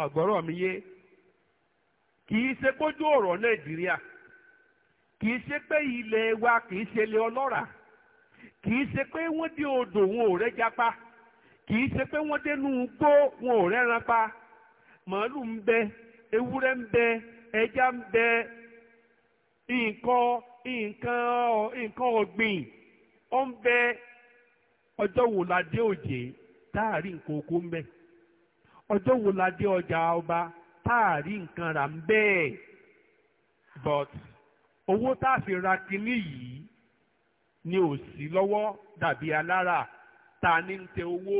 ọ̀gbọ́rọ̀ mi yé kì í ṣe kójú ọ̀rọ̀ nàìjíríà kì í ṣe pé ilẹ̀ wa kì í ṣe ilé ọlọ́ràá kì í ṣe pé wọ́n dé odò wọn ò rẹ́jà japa kì í ṣe pé wọ́n dénú gbó wọn ò rẹ́ran pa màálù ń bẹ ewúrẹ́ ń bẹ ẹja ń bẹ nǹkan nǹkan nǹkan ọ̀gbìn ó ń bẹ ọjọ́ wò ládé òjé táàrí nǹkan oko ń bẹ. ọjọ́ wo la dé ọjà ọba tá a rí nǹkan rà ń bẹ́ẹ̀ but owó tá a fi ra kinní yìí ni ò sí lọ́wọ́ dàbí alára tá a ní ń tẹ owó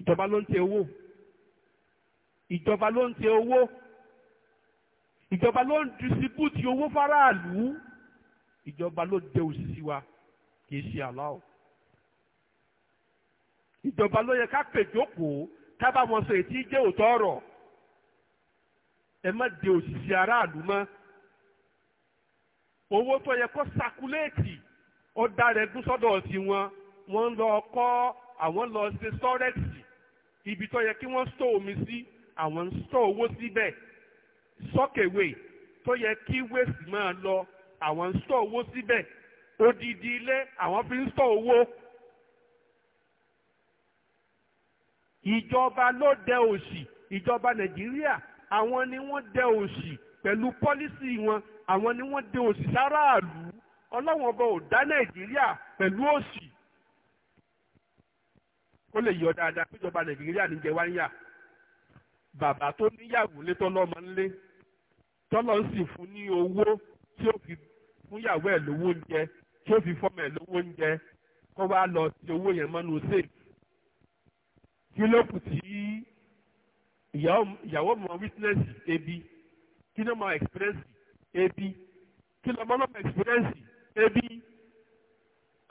ìjọba ló ń tẹ owó ìjọba ló ń tẹ owó ìjọba ló ń disibútì owó faraàlú ìjọba ló dé òṣìṣì wa kì í ṣe aláwọ̀ ìjọba ló yẹ ká pèjókòó ká bá wọn sọ ètí jẹ́ òótọ́ ọ̀rọ̀ ẹ má de òṣìṣẹ́ aráàlú mọ́ owó tó yẹ kó sakuléètì ó dára ẹgún sọ́dọ̀ sí wọn wọ́n lọ kọ́ àwọn lọ ṣe sọ́rẹ́ẹ̀tì ibi tó yẹ kí wọ́n sọ omi sí àwọn ń sọ owó síbẹ̀ sọ́kèwé tó yẹ kí wéèsì máa lọ àwọn sọ owó síbẹ̀ odidi ilé àwọn fi ń sọ owó. ìjọba ló dẹ òṣì ìjọba nàìjíríà àwọn ni wọ́n dẹ òṣì pẹ̀lú pọ́lísì wọn àwọn ni wọ́n dẹ òṣì sáráàlú ọlọ́wọ́n ọba ò dá nàìjíríà pẹ̀lú òṣì ó lè yọ dáadáa pé ìjọba nàìjíríà ní jẹwá ń yà bàbá tó níyàwó lé tọ́lọ́mọ ńlé tọ́lọ́ ń sì fún ní owó tí ó fi fúnyàwó ẹ̀ lówó oúnjẹ tí ó fi fọ́mọ ẹ̀ lówó oúnjẹ kó wá lọ sí owó yẹn mọ́nú sèfù kí ló kù tí ìyàwó mọ witness ebi kí ló mọ experience ebi kí ló mọ lọ́mọ experience ebi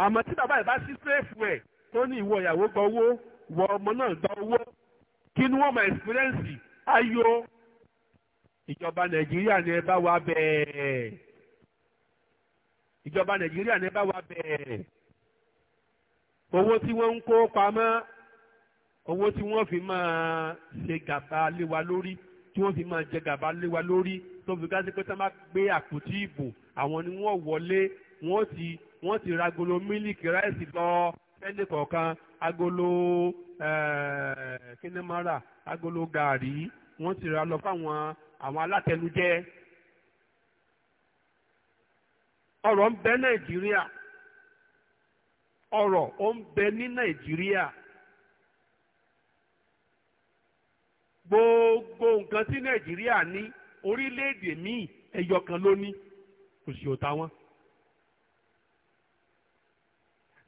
àmọ́ tí bàbá ìbá sí sẹ́ẹ̀fù ẹ̀ tó ní ìwọ ìyàwó gba owó wọ ọmọ náà gba owó kí ni mọ experience ayọ̀ ìjọba nàìjíríà ni ẹ bá wa bẹ̀ẹ̀ ìjọba nàìjíríà ni ẹ bá wa bẹ̀ẹ̀ owó tí wọ́n ń kó pamọ́ owó tí wọ́n fi máa ṣe gàba lé wa lórí tí wọ́n fi máa jẹ gàba lé wa lórí tó fi gáàsì pé tá má gbé àpótí ìbò àwọn ni wọ́n wọlé wọ́n ti wọ́n ti ra agolo mílìkì ráìsì lọ sẹ́ni kọ̀ọ̀kan agolo eh, kínímọ́ra agolo gàárì wọ́n ti ra lọ fáwọn àwọn alátẹnujẹ ọ̀rọ̀ ń bẹ Nàìjíríà ọ̀rọ̀ ó ń bẹ ní Nàìjíríà gbogbo nǹkan tí nàìjíríà ní orílẹ̀-èdè míì loni kan ló ní kò sí ọ̀tá wọn.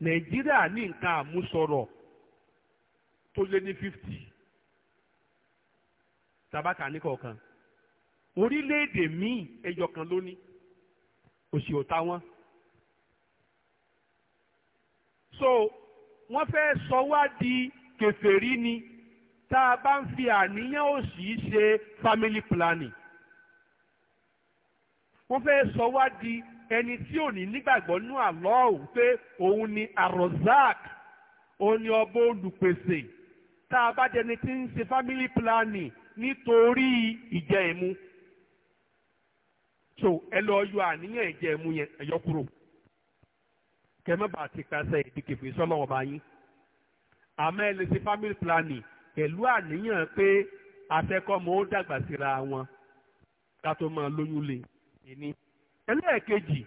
nàìjíríà ní nǹkan àmúṣọrọ̀ tó lé ní fifty tabaka ní kọ̀ọ̀kan orílẹ̀-èdè míì kan kò sí ọ̀tá wọn. so wọ́n fẹ́ sọ wá di kèfèrí ni. tá a bá ń fi àníyàn òṣì ṣe family planning wọ́n fẹ́ sọ wá di ẹni tí ò ní nígbàgbọ́ nú àlọ́ òun pé òun ni arozak òun ni ọba olùpèsè tá a bá jẹni tí ń ṣe family planning nítorí ìjẹ ìmu so ẹ lọ yọ àníyàn ìjẹ ìmu yẹn ẹyọ kúrò kẹmẹba àti kásẹ ìdíkèfé sọlọ ọba yín àmọ́ ẹ lè ṣe family planning pẹ̀lú àníyàn pé afẹ́kọ́mọ ó dàgbà síra wọn ká tó máa lóyún lé ẹni. ẹlẹ́ẹ̀kejì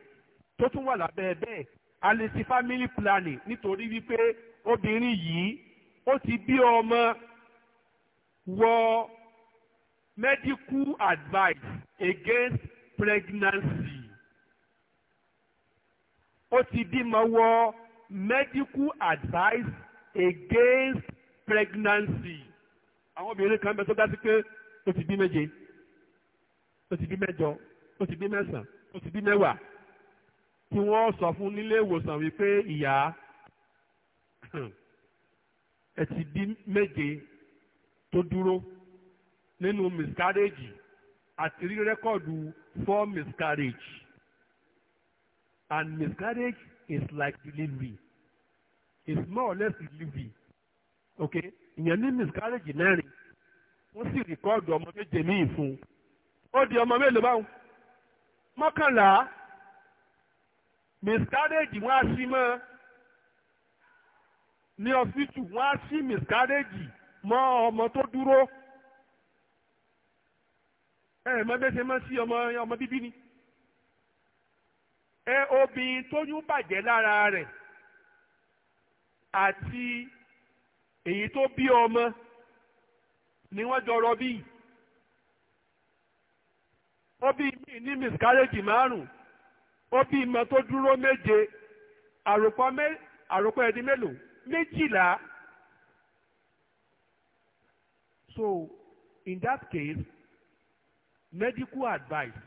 tó tún wà lábẹ́ bẹ́ẹ̀ a lè ṣe family planning nítorí wípé obìnrin yìí ó ti bí ọmọ wọ medical advice against pregnancy ó ti bímọ wọ medical advice against pregnancy àwọn obìnrin kan bẹ tó dá sí pé ó ti bí méje ó ti bí mẹ́jọ ó ti bí mẹ́sàn ó ti bí mẹ́wàá tí wọ́n sọ fún nílé ìwòsàn wípé ìyá ẹ ti bí méje tó dúró nínú miscarriage àti rí rẹ́kọ̀dù four miscarriage and miscarriage is like delivery it's more or less delivery ok ìyẹn ní miscarriage mẹ́rin wọ́n sì rìkọ́ọ̀dù ọmọ méje míì fún un ó di ọmọ mélòó báwọn mọ́kànlá miscarriage wọ́n á sí mọ́ ní ọsítù wọ́n á sí miscarriage mọ́ ọmọ tó dúró ẹ ẹ mọ̀ bẹ́ẹ̀ sí ọmọ ọmọ bíbí ni ẹ obìnrin tóyún bàjẹ́ lára rẹ̀ àti èyí tó bí ọmọ ni wọ́n jọ rọ bí ó bí mi ní miscarriage márùn ó bí ìmọ̀ tó dúró méje àròpọ̀ ẹni mélòó méjìlá so in that case medical advice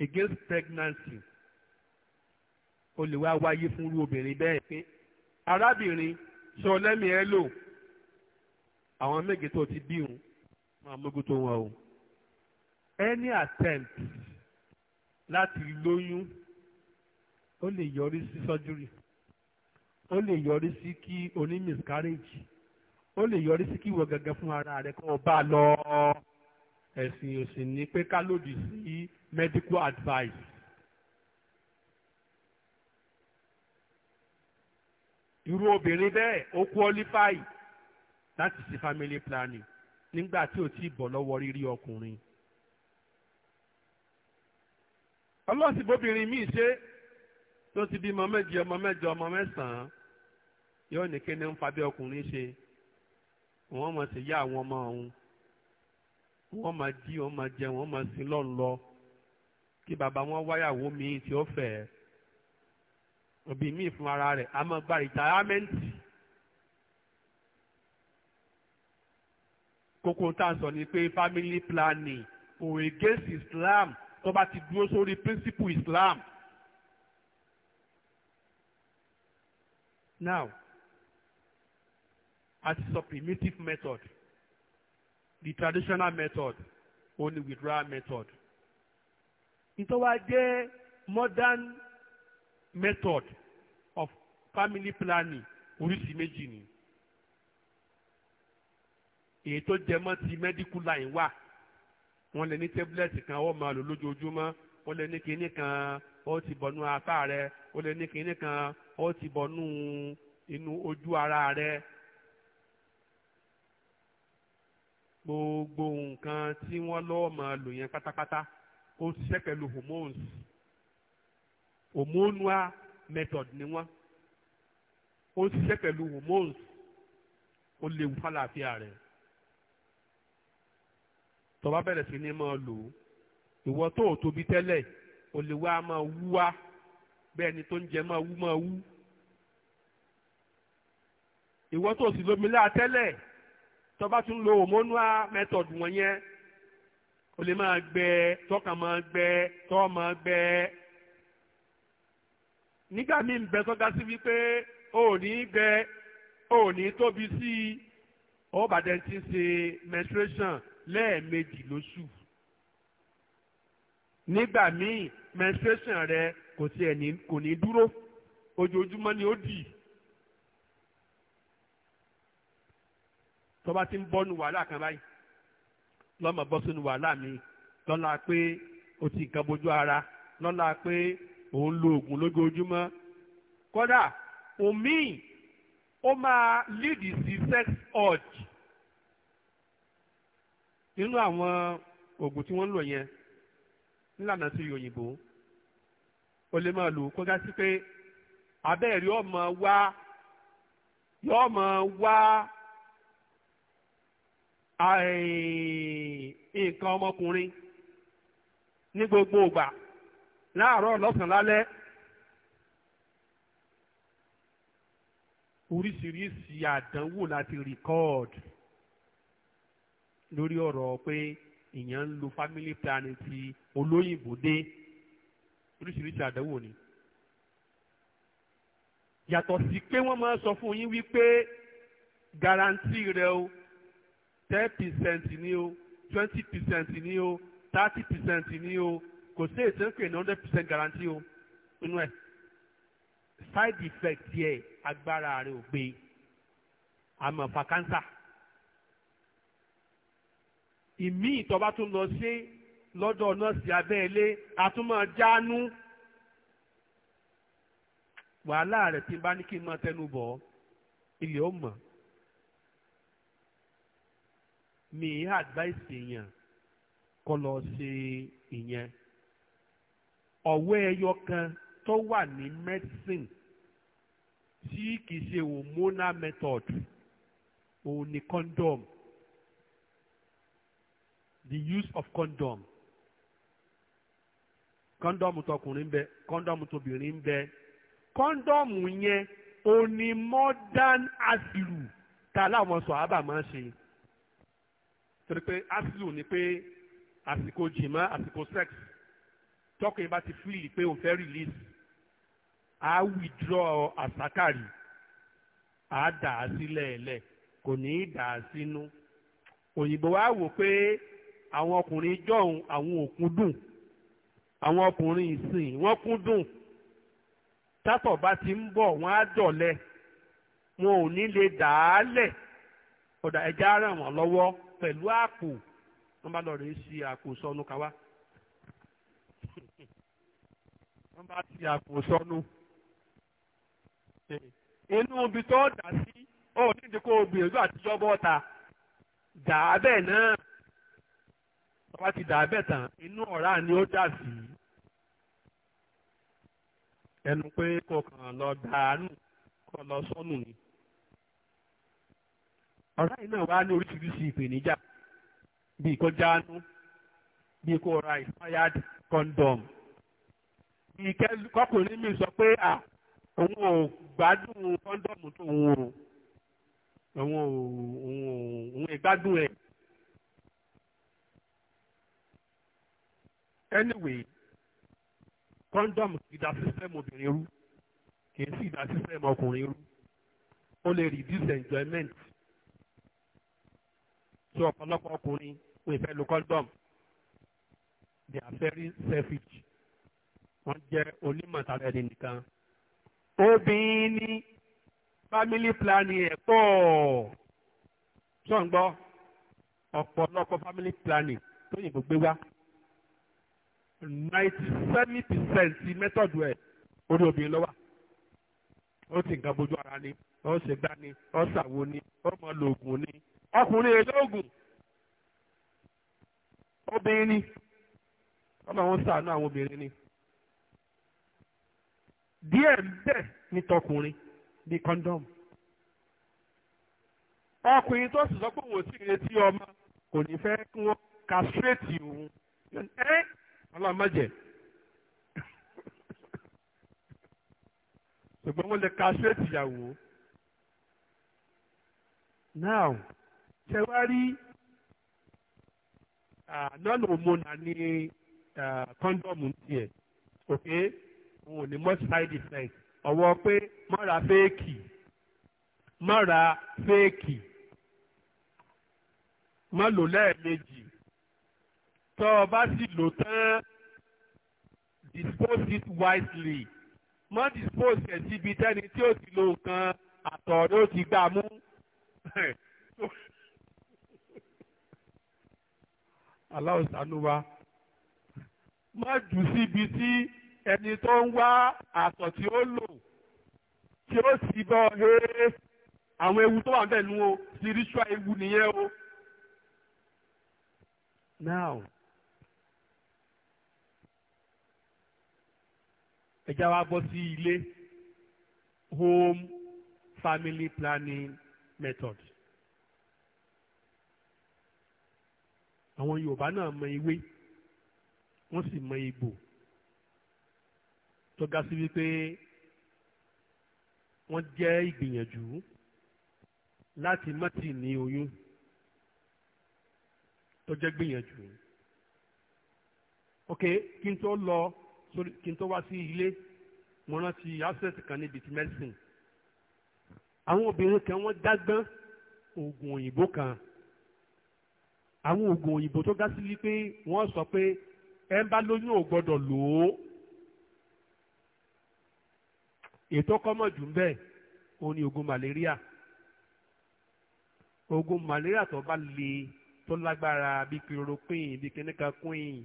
against pregnancy ó lè wá wáyé fún irú obìnrin bẹ́ẹ̀ pé arábìnrin sọ lẹ́mí ẹ lò àwọn méje tó ti bí òun máa mógún tó wọn o any attempt láti lóyún ó lè yọrí sí surgery ó lè yọrí sí kí oní miscarriage ó lè yọrí sí kí ìwọ gẹ́gẹ́ fún ara rẹ kó o bá lọ ẹ̀sìn òsì ni pé ká lòdì sí medical advice irú obìnrin bẹ́ẹ̀ ó qualify láti ṣe family planning nígbà tí ò tí ì bọ̀ lọ́wọ́ rírí ọkùnrin. ọlọ́sibóbìnrin míì ṣe tó ti bímọ méje ọmọ mẹ́jọ ọmọ mẹ́sàn-án yóò ní kí ni ń fabẹ́ ọkùnrin ṣe wọ́n mọ̀ sí yá àwọn ọmọ ọ̀hún wọ́n máa jí wọ́n máa jẹ wọ́n máa sin lọ́nlọ́ kí bàbá wọn wáyàwó míì tí ó fẹ́ẹ́ òbí mi fún ara rẹ̀ a máa gba rìtáyámẹ́ǹtì kókó tá a sọ ni pé family planning ò against Islam tó bá ti dúró sórí principle Islam. now as a primitive method the traditional method only withdrawal method. ìtọ́wá jẹ́ modern method of family planning oríṣi méjì ni èyí tó jẹ mọ́ ti medical line wà wọ́n lè ní tablet kan ó máa lò lójoojúmọ́ ó lè ní kinní kan ó ti bọnú apá rẹ ó lè ní kinní kan ó ti bọnú inú ojú ara rẹ gbogbo nǹkan tí wọ́n lọ́ọ́ máa lò yẹn pátápátá ó ṣiṣẹ́ pẹ̀lú hormones hormonal method ni wọ́n ó ń ṣiṣẹ́ pẹ̀lú hormones ó léwu fàlàáfíà rẹ̀ tó bá bẹ̀rẹ̀ sí ní máa lò ó ìwọ tó ò tóbi tẹ́lẹ̀ ò lè wá máa wú wá bẹ́ẹ̀ ni tó ń jẹ máa wú máa wú ìwọ tó sì lómi láà tẹ́lẹ̀ tó bá tún lo hormonal method wọ̀nyẹn o lè máa gbẹ tọ́ka máa gbẹ tọ́ máa gbẹ nígbà míì ń bẹ tó ga sí wípé o ò ní gbẹ o ò ní tóbi sí i ó bàdẹ ti ṣe menstruation lẹ́ẹ̀mejì lóṣù nígbà míì menstruation rẹ kò tiẹ̀ ní kò ní dúró ojoojúmọ́ ni ó dì tó bá ti ń bọ́nu wàhálà kan báyìí lọ́mọ bọ́ sínú wàhálà mi lọ́la pé o ti nǹkan bojú ara lọ́la pé òun lo oògùn lójoojúmọ́ kódà omi ó máa lídìí sí sex urge nínú àwọn oògùn tí wọ́n ń lò yẹn nílànà sí òyìnbó o lè máa lò kó gásí pé abẹ́ẹ̀rí ọmọ wá yóò máa wá nǹkan ọmọkùnrin ní gbogbo ìgbà. láàárọ̀ lọ́sàn-án lálẹ́ oríṣiríṣi àdánwò láti record lórí ọ̀rọ̀ pé ìyẹn ń lo family planning ti olóyìnbó dé oríṣiríṣi àdánwò ni yàtọ̀ sí pé wọ́n máa sọ fún yín wípé guarantee rẹ o ten percent ni o twenty percent ni o thirty percent ni o kò sí èsì ń pè ní hundred percent guarantee o inú ẹ̀ side effect yẹ agbára rẹ̀ ò gbé àmọ́ fa cancer ìmí ìtọ́ba tún lọ sí lọ́dọ̀ nọ́ọ̀sì abẹ́ẹ̀lé àtúmọ̀ jáánú wàhálà rẹ̀ tí n bá ní kí n máa tẹnu bọ̀ ilé ó mọ̀ mi advice èèyàn kọ́ lọ ṣe ìyẹn ọ̀wọ́ ẹyọ kan tó wà ní medicine tí kì í ṣe hormonal method òun ni condom the use of condom kọ́ńdọ́ọ̀mù tọkùnrin bẹ kọ́ńdọ́ọ̀mù tóbìnrin bẹ kọ́ńdọ́ọ̀mù yẹn òní modern asilu ta láwọn sọ àbá máa ń ṣe torí pé asilu ni pé àsìkò jìmá àsìkò sex tọkùnrin bá ti fíìlì pé òun fẹ́ release á withdraw àsákàrí á dà á sílẹ̀ ẹ̀lẹ̀ kò ní í dà á sínú òyìnbó wa wò pé àwọn ọkùnrin jọ̀hún àwọn òkun dùn àwọn ọkùnrin ìsìn wọn kún dùn tátọ̀ bá ti ń bọ̀ wọ́n á dọ̀lẹ́ wọn ò ní lè dà á lẹ̀ ọ̀dà ẹja ràn wọ́n lọ́wọ́ pẹ̀lú àpò wọ́n bá lọ wọ́n bá ti àpò sọnù inú ibi tó dà sí nídìí kó o gbìyànjú àtijọ́ bọ́ta dà á bẹ́ẹ̀ náà wọ́n bá ti dà á bẹ́ẹ̀ tán ni ó dà sí ẹnu pé kò kàn lọ dàánù kò lọ sọnù ni ọ̀rá yìí náà wá ní oríṣiríṣi ìpèníjà bíi kó jáánú bíi kó ra expired ìkẹ́ kọkùnrin mi sọ pé à òun ò gbádùn kọ́ńdọ̀mù tó ń wò òun ò òun ò ẹ̀. anyway kọ́ńdọ̀mù kì í da sísẹ́mù obìnrin rú kì í sì da sísẹ́mù ọkùnrin rú ó lè reduce enjoyment tí ọ̀pọ̀lọpọ̀ ọkùnrin wọn ìfẹ́ lo kọ́ńdọ̀mù they are very selfish wọ́n jẹ́ onímọ̀ sábẹ́ ẹni nìkan. obìnrin ní family planning ẹ̀ pọ̀ ṣọ̀ǹgbọ́ ọ̀pọ̀lọpọ̀ family planning tó yìnbó gbé wá ninety seven percent method ẹ̀ orí obìnrin lọ́wọ́ ó sì nǹkan bójú ara ni ó ṣe gbá ni ó ṣàwo ni ó mọ lòògùn ni ọkùnrin èlò ògùn obìnrin ni ọlọ́run ṣàánú àwọn obìnrin ni díẹ̀ ń bẹ̀ ní tọkùnrin ní kọ́ńdọ́mù ọkùnrin tó sì sọ pé wò sí ìrètí ọmọ kò ní fẹ́ kí wọ́n kàṣírètì òun ẹ́ ọlọ́mọdé ṣùgbọ́n wọ́n lè kàṣírètì ìyàwó. now ṣe wá rí nọ́ọ̀nù òmùnà ní kọ́ńdọ́ọ̀mù tiẹ̀ okay òun ò ní mọ́ side effect ọ̀wọ́ pé má ra fẹ́ẹ̀kì má ra fẹ́ẹ̀kì má lò lẹ́ẹ̀mejì tọ́ ọ bá sì lò tán dispose it wisely má dispose ẹ̀ síbi tẹ́ni tí ó ti lo nǹkan àtọ̀ọ̀dọ́ ti gbà mú aláwọ̀ sanu wa má jù síbi tí ẹni tó ń wá àtọ̀ tí ó lò tí ó sì bọ́ ee àwọn ewu tó wà bẹ́ẹ̀ nu o spiritual ewu nìyẹn o. now ẹ já wa bọ́ sí ilé home family planning method. àwọn Yorùbá náà mọ ewé wọ́n sì mọ egbò tó ga sí wípé wọ́n jẹ́ ìgbìyànjú láti má tì ní oyún tó jẹ́ gbìyànjú ok kí n tó lọ sórí kí n tó wá sí ilé mo rántí access kan níbi ti medicine àwọn obìnrin kan wọ́n dágbọ́n oògùn òyìnbó kan àwọn oògùn òyìnbó tó ga sí wípé wọ́n sọ pé ẹ ń bá lóyún ò gbọ́dọ̀ lò ó ètò kọ́mọ̀ jù ń bẹ́ẹ̀ òun ni ogun malaria ogun malaria tó bá le tó lágbára bíi chloroquine bíi kìnìkan queen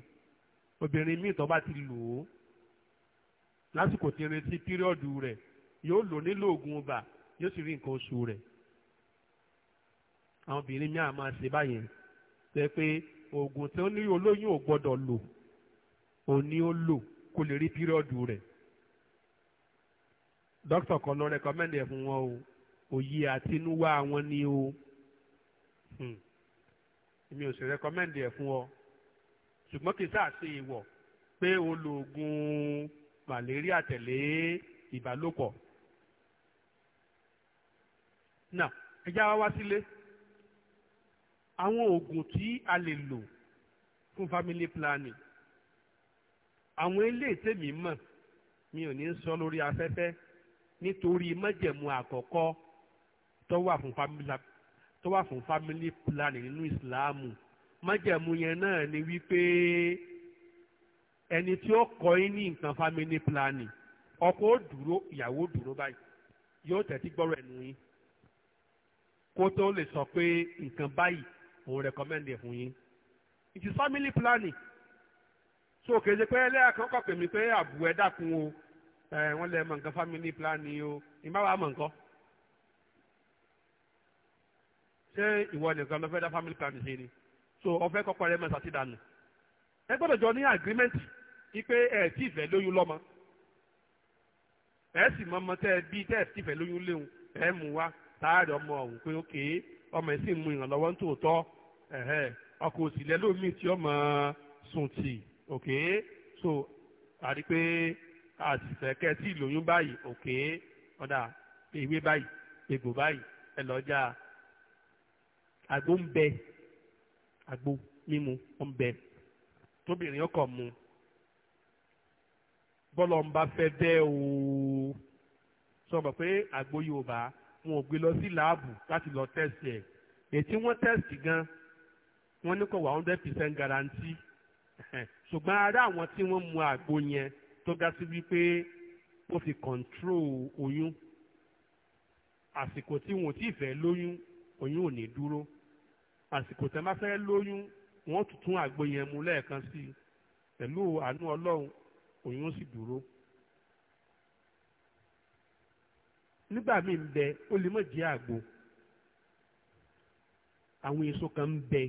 obìnrin míì tó bá ti lò ó lásìkò tí retí píríọ̀dù rẹ̀ yóò lò nílò oògùn ibà yóò sì rí nǹkan oṣù rẹ̀ àwọn obìnrin míì á ṣe báyẹn ṣe pé oògùn tí ó ní olóyún ò gbọ́dọ̀ lò òun ni ó lò kó lè rí píríọ̀dù rẹ̀ dókítà kan ló rẹkọmẹ́ndì ẹ̀ fún wọn o òye àtinúwá wọn ni o hmm. èmi ò sì rẹkọmẹ́ndì ẹ̀ fún ọ kì í sáà ṣe ìwọ̀ pé o lo oògùn malaria tẹ̀lé ìbálòpọ̀ Na ẹjá wa wá sílé àwọn oògùn tí a lè lò fún family planning àwọn eléyìí tèmi mọ̀ mi ò ní sọ lórí afẹ́fẹ́ nítorí májẹ̀mú àkọ́kọ́ tó wà fún family tó family planning nínú ìsìláàmù májẹ̀mú yẹn náà ni wípé ẹni tí ó kọ́ yín ní nǹkan family plan ọkọ ó dúró ìyàwó dúró báyìí yóò tẹ̀tí gbọ́rọ̀ ẹnu yín kó tó lè sọ pé nǹkan báyìí òun recommend ẹ̀ fún yín it is family planning so kèje pé ẹlẹ́yà kan kọ̀ pèmí pé àbù ẹ̀ dákun o ẹ wọ́n lè mọ̀ nǹkan family planning o ìmọ̀ wa mọ̀ nǹkan. ṣé ìwọ nìkan ló fẹ́ dá family plan ṣe ni so ọ̀fẹ́ kọ́kọ́ rẹ mẹ́ta ti dànù. ẹ gbọ́dọ̀ jọ ní agreement ipe ẹ tí ìfẹ́ lóyún lọ́mọ ẹ sì mọ ọmọ tẹ bí tẹ tí ìfẹ́ lóyún léwu ẹ mú wa táàrí ọmọ ọ̀hún pé ókè ọmọ ẹ sì mú ìrànlọ́wọ́ ní tòótọ́ ọkọ̀ òsìlẹ̀ lómi tí ọmọ sùn tì ókè so àrí pé àṣìṣẹ́kẹ́ tí ìlóyún báyìí òkè ọ̀dà ewé báyìí egbò báyìí ẹ lọ́jà àgbo ń bẹ àgbo mímu ń bẹ tóbìnrin ọkọ̀ mu bọ́lọ̀ ń bá fẹ́ bẹ́ ooo sọ ma pé àgbo Yorùbá wọn ò gbé lọ sí láàbù láti lọ tẹ̀sì ẹ̀ ètí wọ́n tẹ̀sì gan wọ́n ní kò wá hundred percent guarantee ṣùgbọ́n ara àwọn tí wọ́n mu àgbo yẹn tó ga sí wípé ó fi kọ̀ǹtró oyún àsìkò tí wọn ò tí ì fẹ́ lóyún oyún ò ní dúró àsìkò tẹ́ máa fẹ́ lóyún wọ́n tuntun àgbo yẹn mu lẹ́ẹ̀kan sí i pẹ̀lú àánú ọlọ́run oyún sì dúró. nígbà míì ń bẹ ó lè má jẹ́ àgbo àwọn èso kan ń bẹ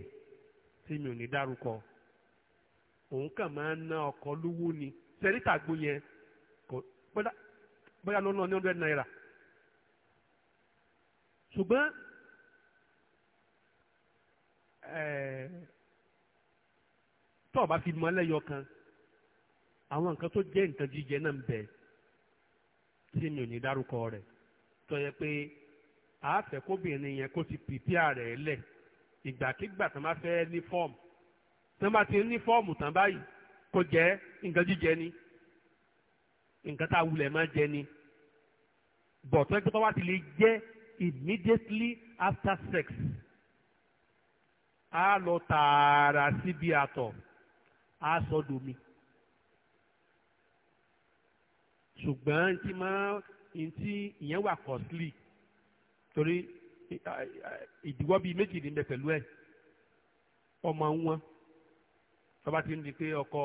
tí mi ò ní dárúkọ òun kàn máa ń ná ọkọ lówó ni sẹ́ríta àgbo yẹn kò bóyá bóyá ló ń lọ ní hundred naira ṣùgbọ́n tó o bá fi mọ lẹ́yọ kan àwọn nǹkan tó jẹ́ nǹkan jíjẹ náà ń bẹ tí mi ò ní dárúkọ rẹ̀ tó yẹ pé àáfẹ́ kóbìnrin yẹn kó ti pìpíà rẹ̀ lẹ̀ ìgbàkigbà tó máa fẹ́ ní fọ́ọ̀mù tó máa ti ní fọ́ọ̀mù tán báyìí kò jẹ́ nǹkan jíjẹ ni nǹkan tá a wulẹ̀ máa jẹ ni bọ̀tọ́ ẹgbẹ́ tó wá ti lè jẹ́ immediately after sex a lọ tààrà síbi àtọ̀ a sọ domi ṣùgbọ́n tí máa ntí ìyẹn wà costly torí ìdíwọ́ bíi méjì ní bẹ pẹ̀lú ẹ̀ ọmọ wọn tọ́ba ti ń di pé ọkọ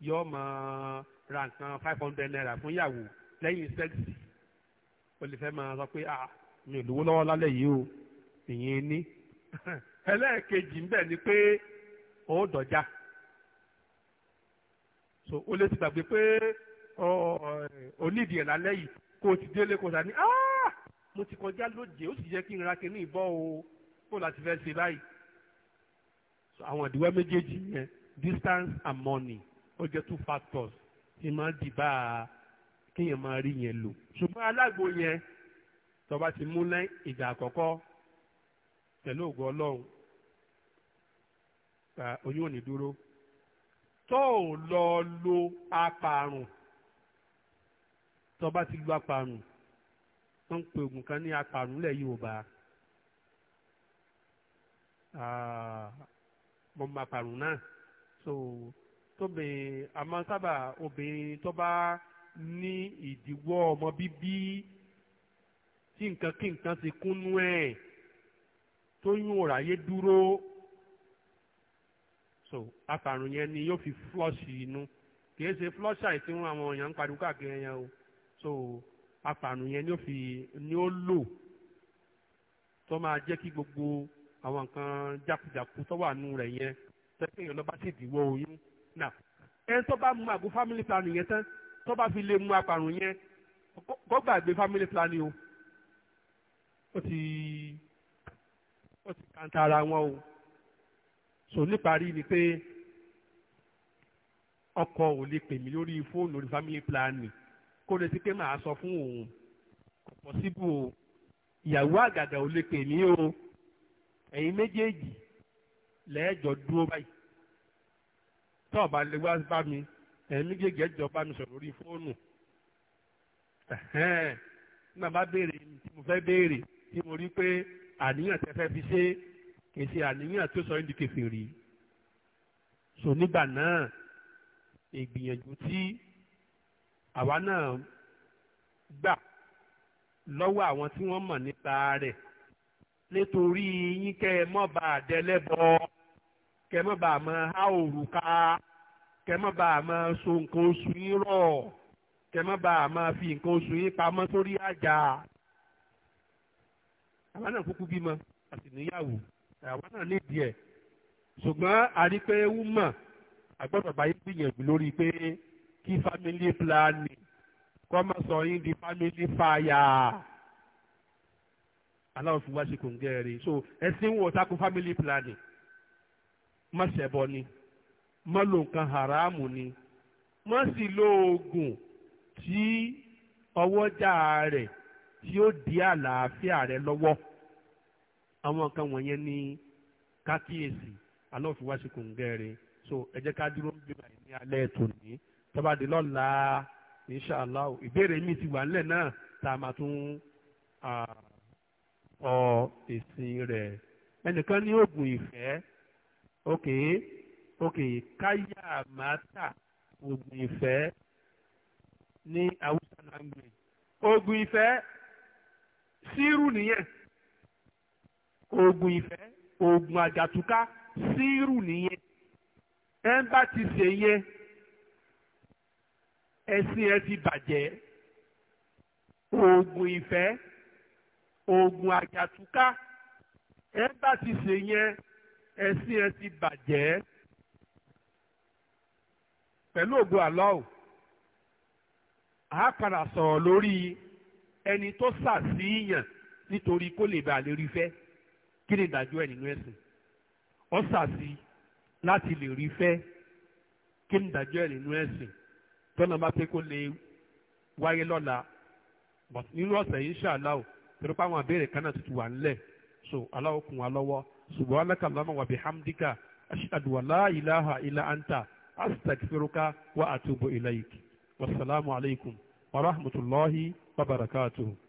yóò máa ra nǹkan five hundred naira fún ìyàwó lẹ́yìn sẹ́ẹ̀sì o lè fẹ́ máa sọ pé ah mi ò lówó lọ́wọ́ lálẹ́ yìí o ìyẹn ní ẹlẹ́ẹ̀kejì ńbẹ̀ ni pé ó dọ̀jà so o lè ti gbàgbé pé onídìí ẹ̀ lálẹ́ yìí kó o ti délé kó o sà ní ah mo ti kọjá lóde ó sì yẹ kí n ra kinní ìbọn o kó o láti fẹ́ ṣe báyìí so àwọn ìdíwọ́ méjèèjì yẹn distance and money ó jẹ́ two factors tí máa ń dìbà kéèyàn máa rí yẹn lò ṣùgbọ́n alágbo yẹn tó bá ti mú lẹ́ ìgbà àkọ́kọ́ pẹ̀lú ògo ọlọ́run oyún ò ní dúró tó ò lọ lo apààrùn tó ti lo apààrùn wọ́n ń pe oògùn kan ní apààrùn lẹ̀ Yorùbá mo apààrùn náà so tóbìnrin àmọ́ sábà obìnrin tó bá ní ìdíwọ́ ọmọ bíbí tí nǹkan kí nǹkan ti kúnnú ẹ̀ tó yún òráyé dúró so àtàrùn yẹn ni yóò fi flọ́ọ̀ṣì inú kìí ṣe flọ́ṣà tí wọ́n àwọn èèyàn ń pariwo káàkiri yẹn o so apààrùn yẹn ni ó fi ni ó lò tó máa jẹ́ kí gbogbo àwọn nǹkan jákujàku tó wà nù rẹ̀ yẹn tẹ́kẹ̀yìn lọ́ba sì dìwọ́ oyún nà ẹni tó bá mu àgbo family planning yẹn tán tó bá fi lè mu àpàrùn yẹn kó gbàgbé family planning o ó ti ó ti kàńtà ara wọn o so níparí ni pé ọkọ ò lè pè mí lórí fóònù lórí family planning kó lè ti pé màá sọ fún òun kò pọ́síbù o ìyàwó àgàdà ò lè pè mí o ẹ̀yin méjèèjì lẹ́ẹ̀jọ dúró báyìí tó ọba lè wá bá mi ẹ̀mí gègé ẹ̀jọ̀ bá mi sọ̀rọ̀ lórí fóònù nígbà bá béèrè tí mo fẹ́ béèrè tí mo rí pé àníyàn tẹ́ fẹ́ fi ṣe kì í ṣe àníyàn tó sọ ní kèfèrí so nígbà náà ìgbìyànjú tí àwa náà gbà lọ́wọ́ àwọn tí wọ́n mọ̀ nípa rẹ̀ nítorí yín kẹ́ ẹ mọ́ bá àdẹ́lẹ́bọ̀ọ́ kẹ́ mọ́ bàa mọ́ há òrùka kẹ́ mọ́ bàa mọ́ so nǹkan oṣù yín rọ̀ kẹ́ mọ́ bàa mọ́ fi nǹkan oṣù yín pamọ́ sórí àjà àwa náà kúkú bímọ àti níyàwó àwa náà nídìí ẹ̀ ṣùgbọ́n a rí pé wúmọ̀ àgbọ̀dọ̀ gbìyànjú lórí pé kí family planning kọ́ mọ́ sọ yín di family fire aláwọ̀ fún wá sí kòǹgẹ́ so ẹ̀sìn wọ̀ takò family planning. má ni má lo nǹkan ni má sì lo oògùn tí ọwọ́jà rẹ̀ tí ó di àlàáfíà rẹ̀ lọ́wọ́ àwọn nǹkan wọ̀nyẹn ní kákíyèsí alóòfin so ẹ jẹ́ ká dúró ní alẹ́ lọ́la ìbéèrè mi ti wà nílẹ̀ náà tá a máa tún èsì rẹ̀ ẹnìkan ok ok káyà màtà ògùn ìfẹ́ ní haúsá language ògùn ìfẹ́ sírù nìyẹn ògùn ìfẹ́ ògùn àjàtúká sírù nìyẹn ẹ ń bá ti ṣe yẹn ẹ̀sìn ẹ ti bàjẹ́ oògùn ìfẹ́ oògùn àjàtúká ẹ bá ti ṣe yẹn ẹ̀sìn ẹ ti bàjẹ́ pẹ̀lú ògo àlọ́ọ̀ a padà sọ̀rọ̀ lórí ẹni tó sàṣìyàn nítorí kó lè bàa lè rí fẹ́ kí ni ìdájọ́ ẹ̀ nínú ẹ̀sìn ọ sàṣì láti lè rí fẹ́ kí ni ìdájọ́ ẹ̀ nínú ẹ̀sìn tọ́nà bá pé kó lè wáyé lọ́la nínú ọ̀sẹ̀ yìí ṣàlàó torí pé àwọn àbẹ̀rẹ̀ kan náà tuntun wà ńlẹ̀ so aláwo kún wa lọ́wọ́. سبحانك اللهم وبحمدك أشهد ولا إله إلا أنت أستغفرك وأتوب إليك والسلام عليكم ورحمة الله وبركاته